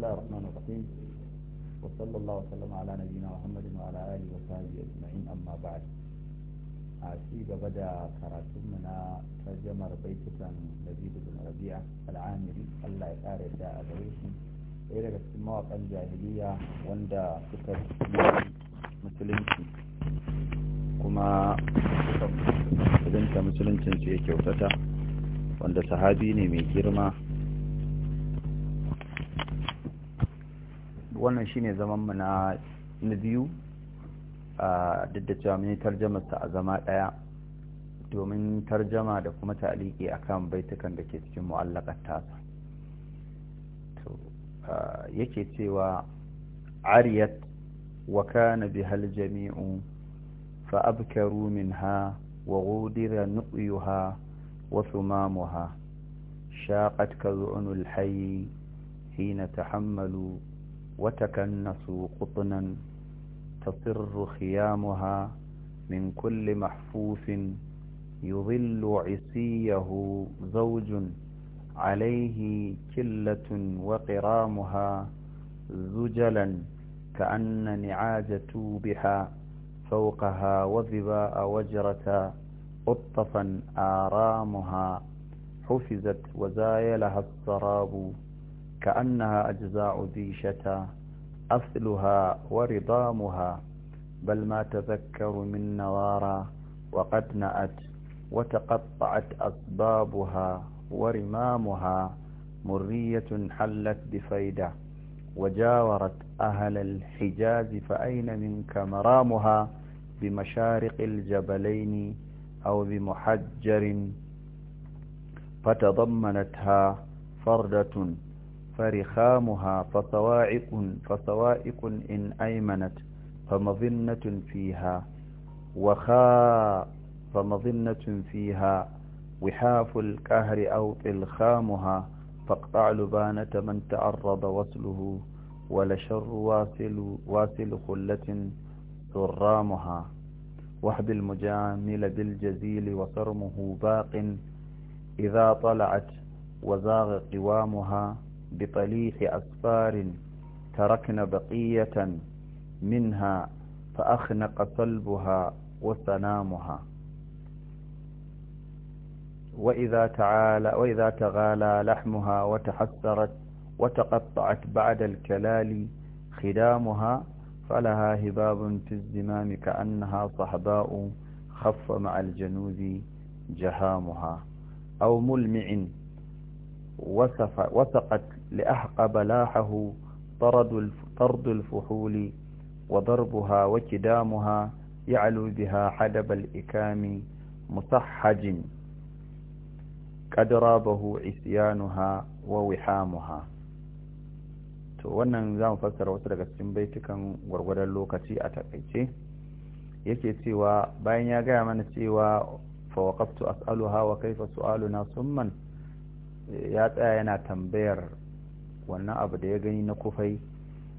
الله الرحمن الرحيم وصلى الله وسلم على نبينا محمد وعلى آله وصحبه أجمعين أما بعد أشيد بدا كراتمنا ترجمة بيتك لبيب بن ربيعة العامري الله يقارئ داء بريشن ɗaya daga cikin mawaƙan jahiliya wanda suka musulunci kuma suka musulunta musuluncin su ya kyautata wanda sahabi ne mai girma wannan shine zaman mu na biyu a daddacewa tarjama sa a zama daya domin tarjama da kuma a akan baitukan da ke cikin mu'allaqat tasa to yake cewa ariyat wa kana bihal jami'u fa abkaru minha wa ghudira nuqyuha wa thumamuha shaqat kaz'un hayy hina tahammalu وتكنسوا قطنا تصر خيامها من كل محفوف يظل عسيه زوج عليه كلة وقرامها زجلا كأن نعاج توبها فوقها وذباء وجرة قطفا آرامها حفزت وزايلها السراب كأنها أجزاء ذي شتى أصلها ورضامها بل ما تذكر من نوارا وقد نأت وتقطعت أسبابها ورمامها مرية حلت بفيدة وجاورت أهل الحجاز فأين منك مرامها بمشارق الجبلين أو بمحجر فتضمنتها فردة فرخامها فصواعق فصواعق إن أيمنت فمظنة فيها وخاء فمظنة فيها وحاف الكهر أو إلخامها فاقطع لبانة من تعرض وصله ولشر واصل واصل خلة حرامها وحد المجامل بالجزيل وصرمه باق إذا طلعت وزاغ قوامها بطليح أسفار تركن بقية منها فأخنق صلبها وسنامها وإذا, تعالى وإذا تغالى لحمها وتحسرت وتقطعت بعد الكلال خدامها فلها هباب في الزمام كأنها صحباء خف مع الجنود جهامها أو ملمع وثقت لأحقب لاحه طرد الفحول وضربها وكدامها يعلو بها حدب الإكام مصحج قد رابه عصيانها ووحامها to wannan za mu fassara wasu daga cikin baitukan gwargwadon lokaci a takaice yake cewa bayan ya gaya mana cewa fa waqaftu as'aluha wa kaifa su'aluna summan ya tsaya yana tambayar wannan abu da ya gani na kufai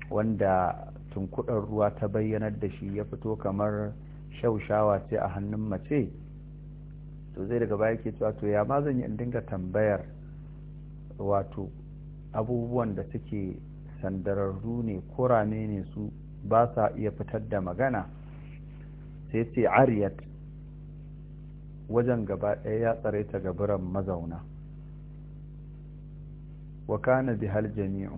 wanda tunkudar ruwa ta bayyanar da shi ya fito kamar shaushawa ce a hannun mace to zai daga baya ke cewa to ya ma zan yi in dinga tambayar wato abubuwan da suke sandararru ne kurame ne su ba sa iya fitar da magana sai ce ariyat wajen gaba ɗaya ya tsare ta gaburan mazauna wa kana bihal jami'u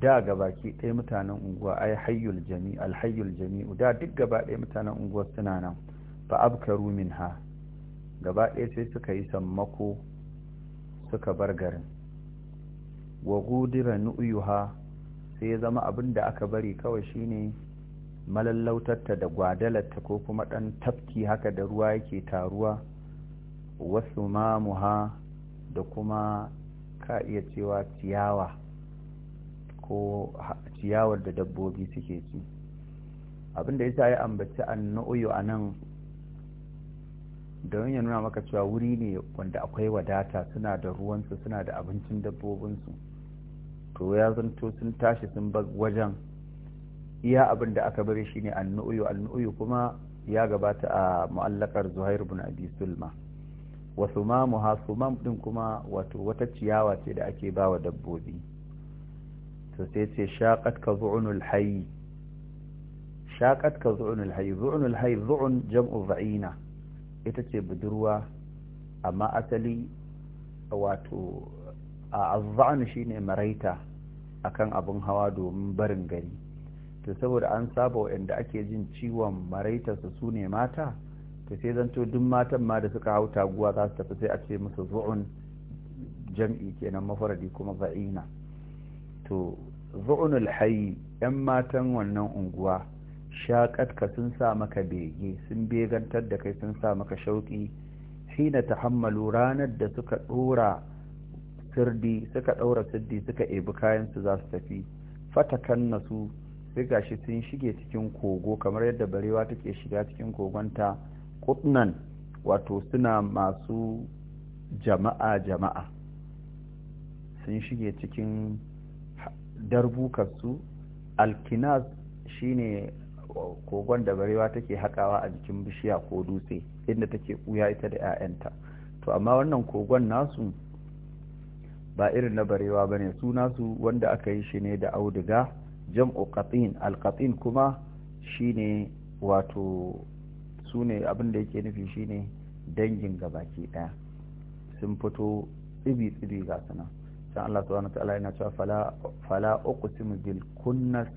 da gabaki ɗaya mutanen unguwa ai hayyul jami alhayyul jami'u da duk gaba ɗaya mutanen unguwa suna nan fa abkaru minha gaba ɗaya sai suka yi sammako suka bar garin wa gudira nu'yuha sai ya zama abin da aka bari kawai shine malallautarta da gwadalarta ko kuma ɗan tafki haka da ruwa yake taruwa wasu mamuha da kuma ka iya cewa ciyawa ko ciyawar da dabbobi suke ci abinda ya sa ya ambaci na'uyo a nan don ya nuna maka cewa wuri ne wanda akwai wadata suna da ruwansu suna da abincin dabbobinsu to ya zanto sun tashi sun bar wajen iya abin da aka bari shine an annu'uyu kuma ya gabata a mu'allakar zuhair bin abi sulma wa sumamu ha sumam ɗin kuma wato wata ciyawa ce da ake ba wa dabbobi to sai ce shaqat ka zu'unul hayy shaqat ka zu'unul hayy zu'unul hayy zu'un jam'u za'ina ita ce budurwa amma asali wato a azza'an shine maraita akan abun hawa domin barin gari to saboda an saba waɗanda ake jin ciwon maraita su ne mata to sai zanto duk matan ma da suka hau taguwa za su tafi sai a ce musu zu'un jam'i kenan mafaradi kuma za'ina to zu'un alhayi yan matan wannan unguwa shaƙat ka sun sa maka bege sun begantar da kai sun sa maka shauƙi hina tahammalu ranar da suka ɗora sirdi suka ɗaura sirdi suka ebi kayan su za su tafi fatakan su sai gashi sun shige cikin kogo kamar yadda barewa take shiga cikin kogonta kutnan wato suna masu jama'a jama'a sun shige cikin darbukarsu alkinas shine kogon da barewa take haƙawa a jikin bishiya ko dutse inda take ɓuya ita da 'ya'yanta to amma wannan kogon nasu ba irin na barewa ba ne su nasu wanda aka yi shi ne da auduga jam'u qatin alqatin kuma shine wato su ne abin da yake nufi shine dangin gabaki daya sun fito tsibi tsibi ga sana can Allah subhanahu wa ta'ala yana cewa fala fala uqsimu bil kunnas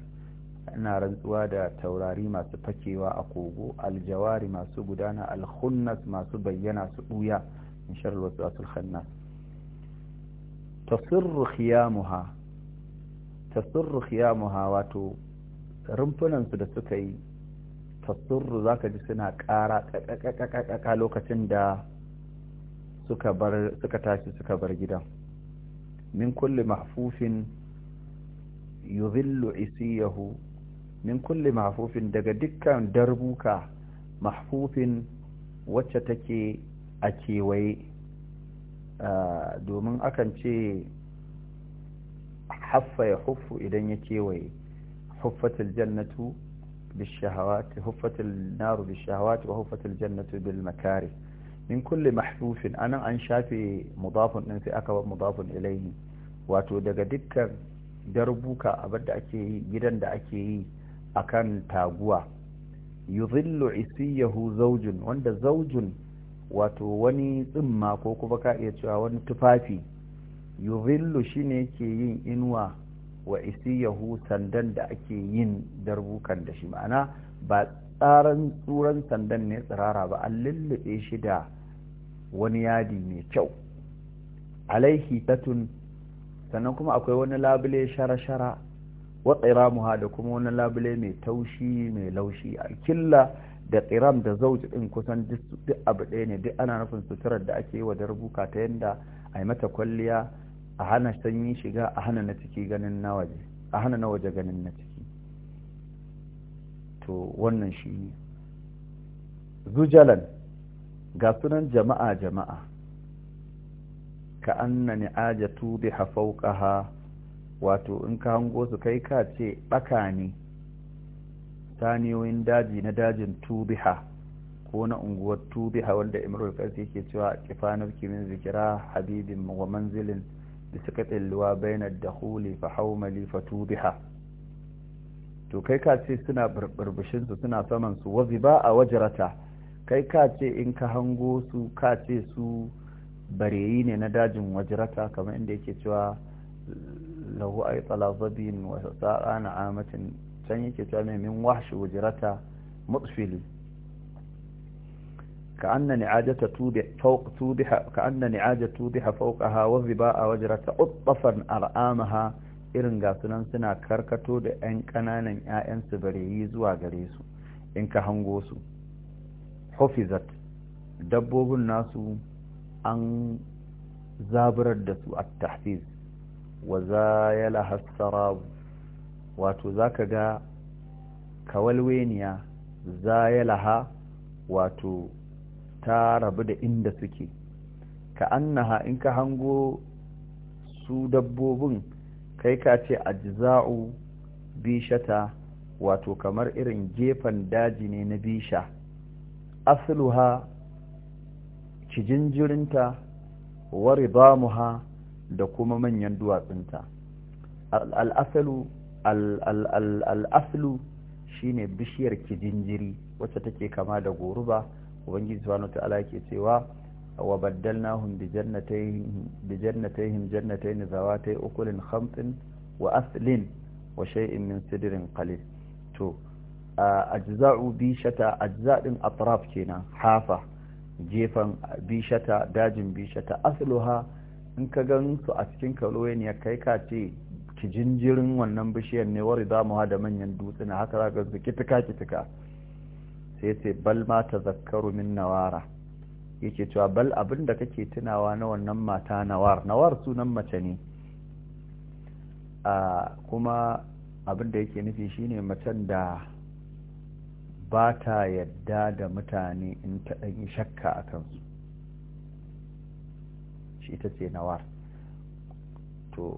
ina rantsuwa da taurari masu fakewa a kogo aljawari masu gudana alkhunnas masu bayyana su buya in shar alwaswasul khannas tasirru khiyamuha tasirru khiyamuha wato rumfunan su da suka yi tasurru za ka ji suna ƙara ƙaƙaƙaƙaƙa lokacin da suka tashi suka bar gidan min kulli mahfufin yuzillu isiyahu min kulli mahfufin daga dukkan darbuka mahfufin wacce take a kewaye ah, domin akan ce haffa ya huffu idan ya kewaye huffatul jannatu بالشهوات هفت النار بالشهوات وهفت الجنة بالمكاره من كل محفوف أنا أنشاتي مضاف أنت أكبر مضاف إليه wato daga dukkan darbuka abada da ake yi gidan da ake yi a kan taguwa yuzillu isiyahu zaujun wanda zaujun wato wani tsimma ko kuma ka iya cewa wani tufafi yuzillu shine yake yin inuwa wa yahu sandan da ake yin darbukan da shi ma'ana ba tsaran tsuran sandan ne tsirara ba an lullube shi da wani yadi mai kyau alaihi tatun sannan kuma akwai wani labule shara-shara wa tsiramuha da kuma wani labule mai taushi mai laushi a killa da tsiram da zauji din kusan duk abu ɗaya ne duk ana nufin suturar da ake yi wa darbuka ta yadda a yi mata kwalliya a hana sanyi shiga a hana na ciki ganin na waje a hana na waje ganin na ciki to wannan shi zujalan ga sunan jama'a jama'a ka anna ni'ajatu biha fawqaha wato in ka hango su kai ka ce baka ne saniyoyin daji na dajin tubiha ko na unguwar tubiha wanda imrul qais ke cewa kifanar kimin zikira habibin wa manzilin بسقط huli fa الدخول fa tubiha to kai ka ce suna burbushin su suna saman su wazi a wajarata kai ka ce in ka hango su ka ce su bareyi ne na dajin wajarata kamar inda yake cewa lahu ay talazabin wa sa'ana amatin can yake cewa mai min wahshi wajarata mutfili كأن نعاجة توضح فوق توضح كأن نعاجة توضح فوقها والظباء وجرت قطفا أرآمها irin gasunan suna karkato da 'yan ƙananan 'ya'yansu bareyi zuwa gare su in ka hango su hofizat dabbobin nasu an zaburar da su a tahfiz wa zayala wato za ka ga kawalweniya zayalaha wato ta rabu da inda suke ka annaha in ka hango su dabbobin kai ka ce ajza'u bishata wato kamar irin gefen daji ne na bisha asluha cijinjirinta wa ridamuha da kuma manyan duwatsunta al'asalu al'aslu shine bishiyar kijinjiri wacce take kama da goruba ubangiji subhanahu ta'ala yake cewa wa baddalnahum bi jannatayn bi jannatayhim jannatayn zawatay ukulin khamtin wa aslin wa shay'in min sidrin qalil to ajza'u bi shata ajza'in atraf kenan hafa jefan shata dajin bi shata asluha in ka gan su a cikin ya kai ka ce kijinjirin wannan bishiyar ne wari za mu da manyan dutsuna haka za ka su kitika kitika sai ce bal ma ta zakaru min nawara yake cewa bal abin da kake tunawa na wannan mata nawar nawar sunan mace ne kuma abin da yake nufi shine macen da ba ta yadda da mutane in ta ɗanyi shakka a kansu shi ita ce nawar to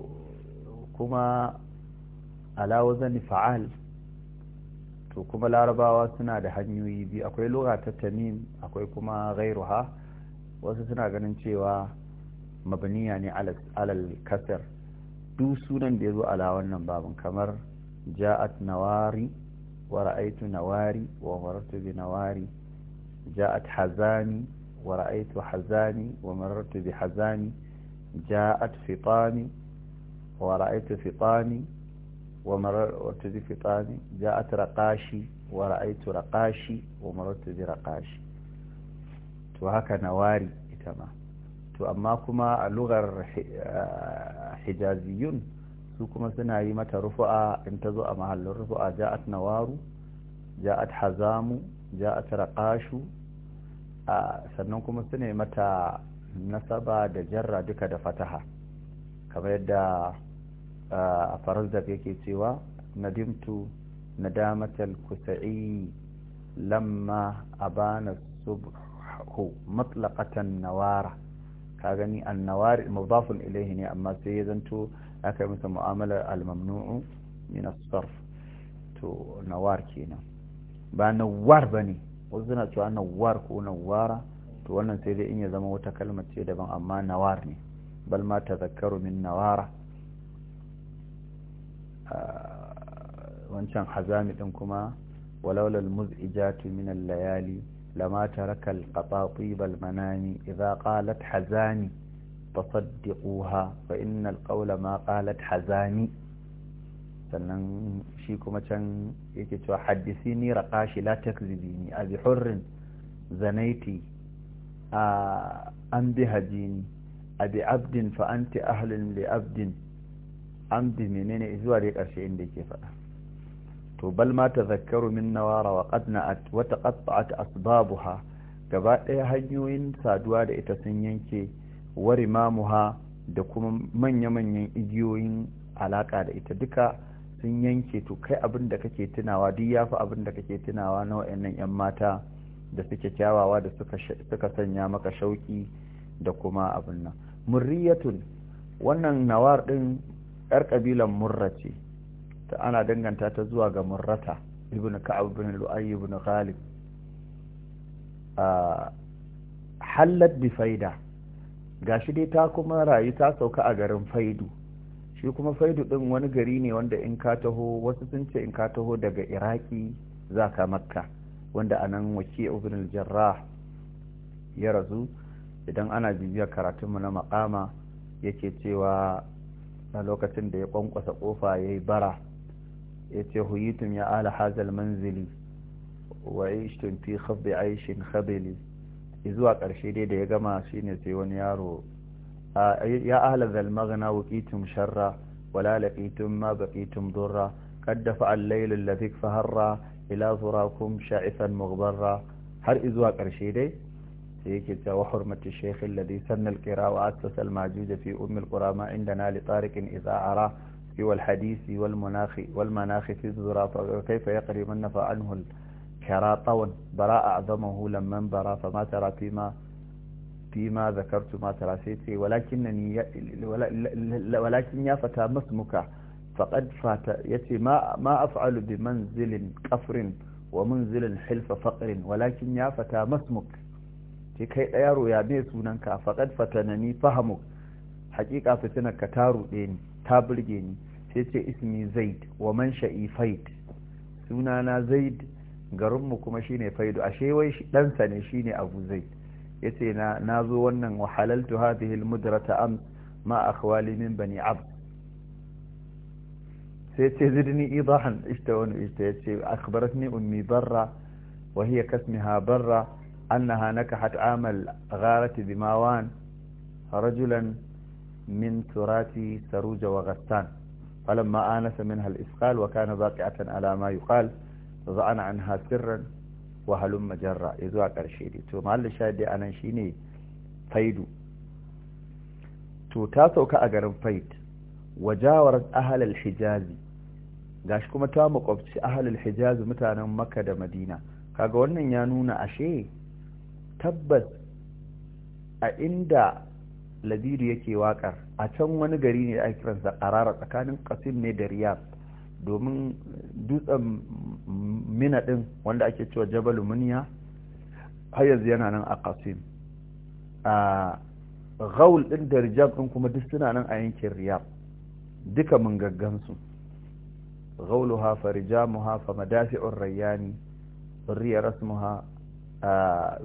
kuma alawazani fa'al to kuma larabawa suna da hanyoyi biyu akwai lura ta tamim akwai kuma ghairuha wasu suna ganin cewa mabaniya ne alal kasar duk sunan da ya zo ala wannan babin kamar ja'at nawari wa ra'aitu nawari wa marartu bi nawari ja'at hazani wa ra'aitu hazani wa marartu bi hazani ja'at fitani wa ra'aitu fitani ومررت بفطام جاءت wa marar رقاشي ومررت برقاشي to haka nawari ita ma to amma kuma a lugar hijaziyun su kuma suna yi mata rufu'a in ta zo a mahallin rufu'a ja nawaru ja'at hazamu ja'at raqashu sannan kuma suna mata nasaba da jarra duka da fataha kamar yadda a farazdaq yake cewa nadimtu nadamatal kusa'i lamma abana subhu matlaqatan nawara ka gani annawar mudafun ilayhi ne amma sai ya zanto aka yi masa mu'amalar al-mamnu'u min as-sarf to nawar kenan ba nawar bane wasu suna cewa nawar ko nawara to wannan sai dai in ya zama wata kalmar ce daban amma nawar ne bal ma tazakkaru min nawara wancan hazami din kuma walaula almuzijatu min al-layali lama taraka al-qatatib al-manami idha qalat hazani fasaddiquha fa inna al-qawla ma qalat hazani sannan shi kuma can yake cewa haddisini raqashi la takzibini abi hurrin zanaiti an bihajini abi abdin fa anti ahlun li abdin an bi menene zuwa dai ƙarshe inda yake faɗa to bal ma tazakkaru min nawara wa qadna at wa taqatta'at asbabuha gaba ɗaya hanyoyin saduwa da ita sun yanke wari mamuha da kuma manya-manyan igiyoyin alaƙa da ita duka sun yanke to kai abin da kake tunawa duk ya fi abin da kake tunawa na wa'annan 'yan mata da suke kyawawa da suka sanya maka shauƙi da kuma abin nan murriyatun wannan nawar ɗin yar kabilan murra ce ta ana danganta ta zuwa ga murrata ibn ka'ab ibn lu'ay ibn ghalib hallat bi faida gashi dai ta kuma rayu ta sauka a garin faidu shi kuma faidu ɗin wani gari ne wanda in ka taho wasu sun ce in ka taho daga iraki za ka makka wanda a nan waki ibn jarrah ya razu idan ana bibiyar karatunmu na makama yake cewa na lokacin da ya kwankwasa kofa ya yi bara ya ce huyitun ya ala hazal manzili wa ishtun fi khabbi aishin khabili zuwa ƙarshe dai da ya gama shi ne sai wani yaro ya ala zal maghna waqitum sharra wala laqitum ma baqitum durra qad dafa al-layl alladhi faharra ila zurakum sha'ifan mughbarra har zuwa ƙarshe dai سيكتا وحرمة الشيخ الذي سن القراءة وأسس الماجوج في أم القرى ما عندنا لطارق إذا أرى في والحديث والمناخ والمناخ في الزراطة وكيف يقري من نفى عنه الكراء طون براء أعظمه لما برا فما ترى فيما فيما ذكرت ما ترى سيتي ولكنني ولكن يا فتى ما اسمك فقد فات يتي ما ما افعل بمنزل كفر ومنزل حلف فقر ولكن يا فتى ما اسمك ke kai da yaro ya me sunanka faqad fatanani fahamu haqiqa fitinar ka ta ruɗe ni ta burge ni sai ce ismi zaid wa man sha'i faid sunana zaid garinmu kuma shine faidu ashe wai ɗansa ne shine abu zaid ce na zo wannan wa halaltu hadhihi almudrata am ma akhwali min bani ab sai ce zidni idahan ishta wani ishta yace akhbaratni ummi barra wa hiya kasmiha barra أنها نكحت عام الغارة بماوان رجلا من تراث سروج وغسان فلما آنس منها الإسقال وكان باقعة على ما يقال ظعن عنها سرا وهلم جرا إذوا قرشيدي تو مال شادي أنا شيني فيدو تو تاسو كأغرم فيد وجاورت أهل الحجاز gashi kuma ta makwabci ahalul hijaz mutanen makka da madina kaga wannan ya nuna ashe tabbas a inda labiru yake wakar a can wani gari ne ake kiransa arara tsakanin kasim ne da riyad domin dutsen mina din wanda ake cewa jabal muniya har yanzu yana nan a kasim a gaul din da rijab din kuma duk suna nan a yankin riyad duka mun gaggansu gauluha fa rijamuha fa madafi'ur rayyani zurriya rasmuha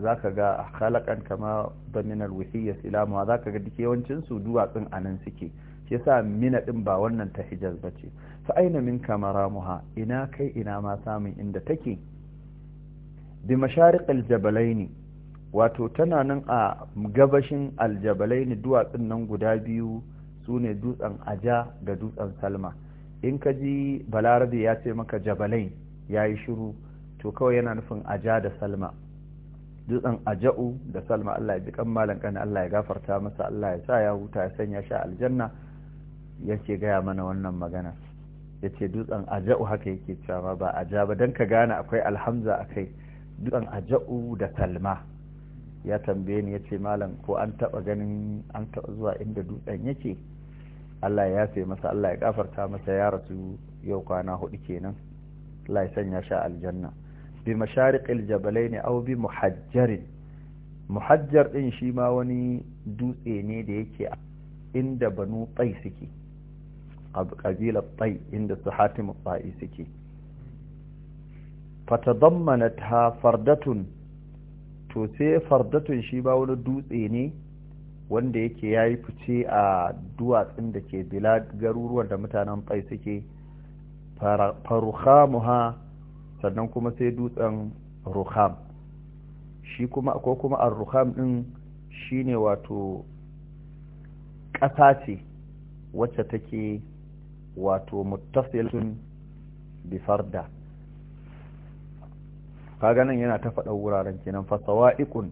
za ka ga halakan kama da wuthiyar silamu silamuwa za ka ga duke yawancinsu duwatsun a nan suke shi yasa mina ɗin ba wannan ta hijaz ba ce fa aina min kamara muha ina kai ina ma samun inda take bi mashariqal jabalaini wato tana nan a gabashin aljabalaini duwatsun nan guda biyu su ne dutsen aja da dutsen salma in ka ji balarabe ya ce maka jabalain ya yi shiru to kawai yana nufin aja da salma dutsen aja'u da salma Allah ya ji kan malan kan Allah ya gafarta masa Allah ya sa ya huta ya sanya shi aljanna yace gaya mana wannan magana yace dutsen aja'u haka yake cewa ba ja ba dan ka gane akwai alhamza a kai dutsen aja'u da salma ya tambaye ni yace malam ko an taba ganin an taba zuwa inda dutsen yake Allah ya yafe masa Allah ya gafarta masa ya rasu yau kwana hudu kenan Allah ya sanya shi aljanna bi mashariqil jabalaini aw bi muhajjarin muhajjar din shi ma wani dutse ne da yake inda banu tsai suke a kabilar tsai inda su hatimu tsai suke fatadammanat ha fardatun to sai fardatun shi ba wani dutse ne wanda yake ya yi fice a duwatsun da ke bila garuruwan da mutanen tsai suke farukhamuha sannan kuma sai dutsen ruham shi kuma ko kuma ar-ruham din shine wato ƙasa ce wacce take wato muttasilun bi farda kaga nan yana ta faɗa wuraren kenan fa sawa'iqun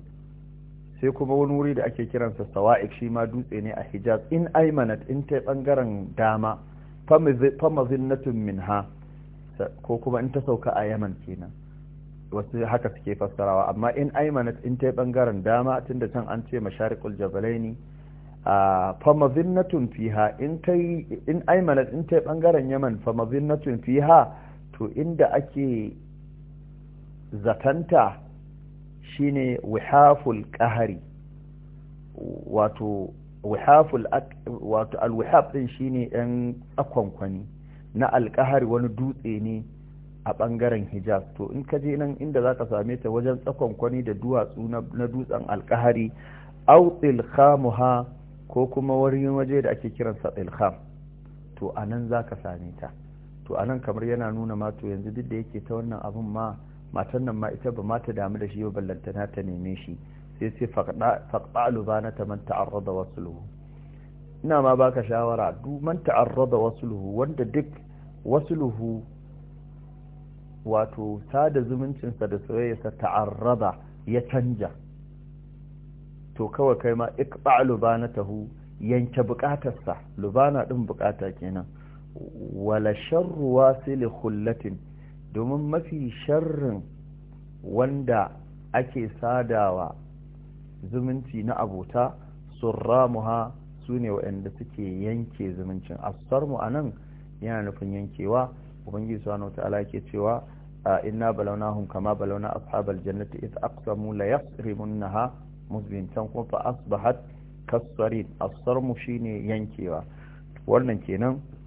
sai kuma wani wuri da ake kiransa sawa'iq shi ma dutse ne a hijaz in aymanat in ta bangaren dama fa mazinnatun minha ko kuma in ta sauka a yaman kenan wasu haka suke fassarawa amma in aimanat in ta bangaren dama tunda can an ce masharikul jabalaini a famazinnatun fiha in kai in aimanat in ta bangaren yaman famazinnatun fiha to inda ake zatanta shine wihaful qahari wato wihaful wato alwihaf din shine yan akwankwani. na alkahar wani dutse ne a ɓangaren hijab to in ka je nan inda za ka same ta wajen tsakon kwani da duwatsu na dutsen alkahari au tsilkhamuha ko kuma wani waje da ake kiran sa ilham to a nan za ka same ta to a nan kamar yana nuna ma to yanzu duk da yake ta wannan abun ma matan nan ma ita ba ma ta damu da shi ba ballantana ta neme shi sai sai faɗa na ta man ta'arrada wasu ina ma baka shawara duk man ta'arrada wasu wanda duk wasluhu wato sada zumuncinsa da soyayyarsa ta'arraba ya canja to kawai kai ma iqba lubanatahu yanke bukatarsa lubana din bukata kenan wala sharru wasil khullatin domin mafi sharrin wanda ake sadawa zumunci na abota surramuha sune ne waɗanda suke yanke zumuncin asarmu a nan yana nufin yankewa ubangiji subhanahu wataala yake cewa inna balawnahum kama balawna ashabal jannati id aqsamu la yasrimunha muslim kuma fa asbahat kasarin asarmu shine yankewa wannan kenan